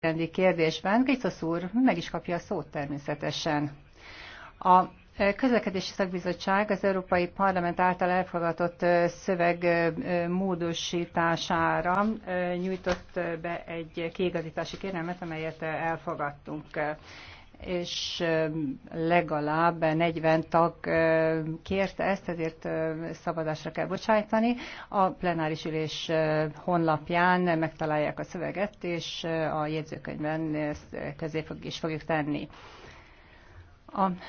rendi kérdésben. Gicos úr meg is kapja a szót természetesen. A e, Közlekedési Szakbizottság az Európai Parlament által elfogadott e, szöveg e, módosítására nyújtott be egy kiigazítási kérelmet, amelyet elfogadtunk és legalább 40 tag kérte ezt, ezért szabadásra kell bocsájtani. A plenáris ülés honlapján megtalálják a szöveget, és a jegyzőkönyvben ezt közé is fogjuk tenni. A